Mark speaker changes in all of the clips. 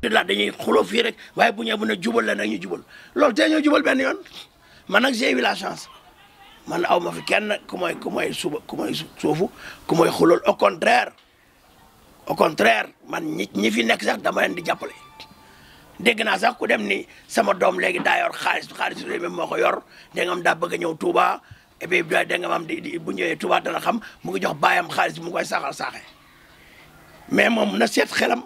Speaker 1: te laaj dañuy xuloo fii rek waaye bu ñu bu ne jubal la nag ñu jubal loolu tey ñoo jubal benn yoon man nag j'ai eu la chance man aw ma fi kenn ku may ku may suba ku may suufu ku may xulool au contraire au contraire man ñi ñi fi nekk sax dama leen di jàppale dégg naa sax ku dem ni sama doom léegi daa yor xaalis xaalis réew mi moo yor da nga am daa bëgg a ñëw Touba et puis da nga am di bu ñëwee Touba dana xam mu ngi jox baayam xaalis mu koy saxal saaxe mais moom na seet xelam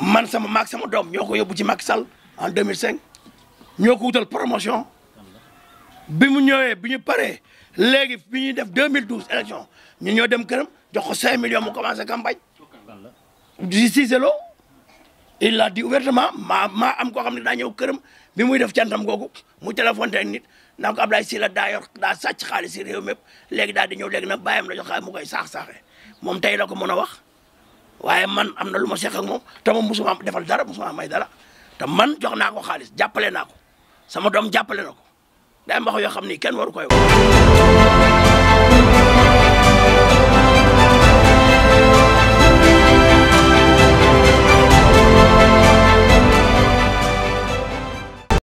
Speaker 1: man sama mak sama dom ñoko yobu ci Macky Sall en 2005 ñoko wutal promotion bi mu ñëwee bi ñu paree léegi bi ñuy def 2012 élection ñu ñoo dem kërëm jox ko 5 millions mu commencé campagne. di Cicelo il l'a dit ouvertement ma maa am ko xamni da daa ñëw këram bi muy def cantam googu mu téléphoné ak nit naa ablay sila da daa yor daa sàcc xaalis si réew mépp léegi daal di ñëw légui nag bayam la jox xaalis mu koy sax saxé mom tay la ko mëna wax. waaye man am na lu ma seq ak moom te moom musuma defal dara musuma may dara te man jox naa ko xaalis jàppale naa ko sama doom jàppale na ko day am wax yoo xam ni kenn waru ko wax